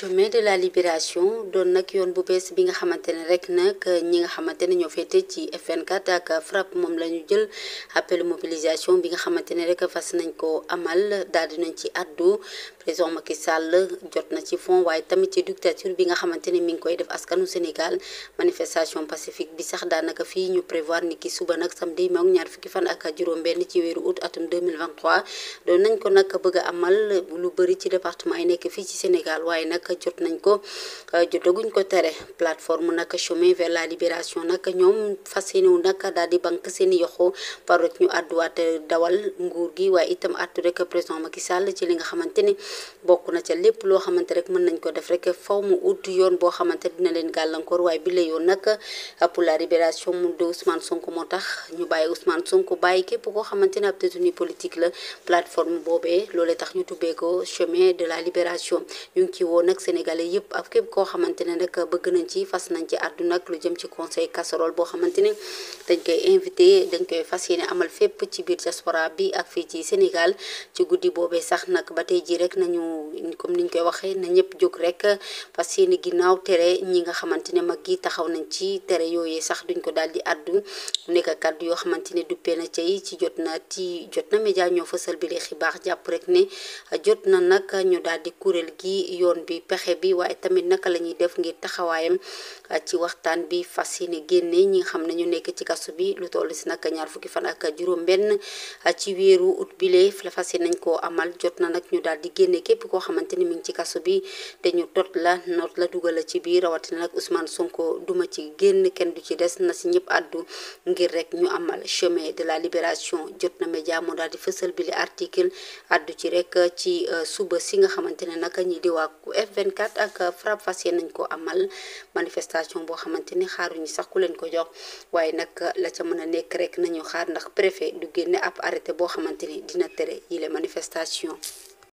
chemin de la libération doon nag yoon bu bees bi nga xamante ne rek nag ñi nga xamante ne ñoo féete ci F24 ak FRAPP moom la ñu jël appel mobilisation bi nga xamante ne rek fas nañ ko amal daal di nañ ci addu président Macky Sall jot na ci fond waaye tamit ci dictature bi nga xamante ne mi ngi koy def askanu Sénégal manifestation pacifique bi sax daanaka fii ñu prévoir ni ki suba nag samedi moom ñaar fukki fan ak juróom ci weeru août atum 2023 doon nañ ko nag bëgg amal lu bëri ci département yi nekk fii ci Sénégal waaye nag. jot nañ ko euh, jotaguñ ko tere plateforme nag chemin vers la libération nag ñoom fas yéene wu nag daal di banque seen i par rek ñu àdduwaat euh, dawal nguur gi waaye itam àttu rek président Macky Sall ci li nga xamante ni bokk na ca lépp loo xamante rek mën nañ ko def rek faw mu ut yoon boo xamante dina leen gàllankoor waaye bi la yoon nag euh, pour la libération mu de Ousmane Sonko moo tax ñu bàyyi Ousmane Sonko bàyyi képp koo xamante ne ab détenu politique la plateforme boobee loolee tax ñu tubbee ko chemin de la libération ñu ngi ci nag ak sénégalais yëpp ak képp koo xamante ne nag bëgg nañ ci fas nañ ci àdduna ak lu jëm ci conseil casserole boo xamante ne dañ koy invité dañ koy fas yéene amal fépp ci biir diaspora bi ak fii ci Sénégal ci guddi boobee sax nag ba tey jii rek nañu comme niñ koy waxee na ñëpp jóg rek fas yéene ginnaaw tere ñi nga xamante ne mag yi taxaw nañ ci tere yooyee sax duñ ko daal di àddu mu nekk kàddu yoo xamante ne duppee na cay ci jot na ci jot na média ñoo fësal bi lee xibaax jàpp rek ne jot na nag ñu daal di kuréel gi yoon bi pexe bi waaye tamit naka lañuy def ngir taxawaayam ci waxtaan bi fas yéene génne ñi nga xam ne ñu nekk ci kaso bi lu toll si nag ñaar fukki fan ak juróom-benn ci weeru ut bile la fas yéene nañ koo amal jot na nag ñu daal di génne képp koo xamante ni mi ngi ci kaso bi te ñu la noot la dugal ci biir rawatina nag Ousmane Sonko duma ci génn kenn du ci des na si ñëpp àddu ngir rek ñu amal chemin de la libération jot na média moo daal di fësal bi li article àddu ci rek ci euh, suba si nga xamante ne nag ñi di waa F24 ak FRAPP fas nañ koo amal orientation boo xamante ni xaaruñu sax ku leen ko jox waaye nag la ca mën a nekk rek nañu xaar ndax préfet du génne ab arrêté boo xamante ni dina tere yile manifestation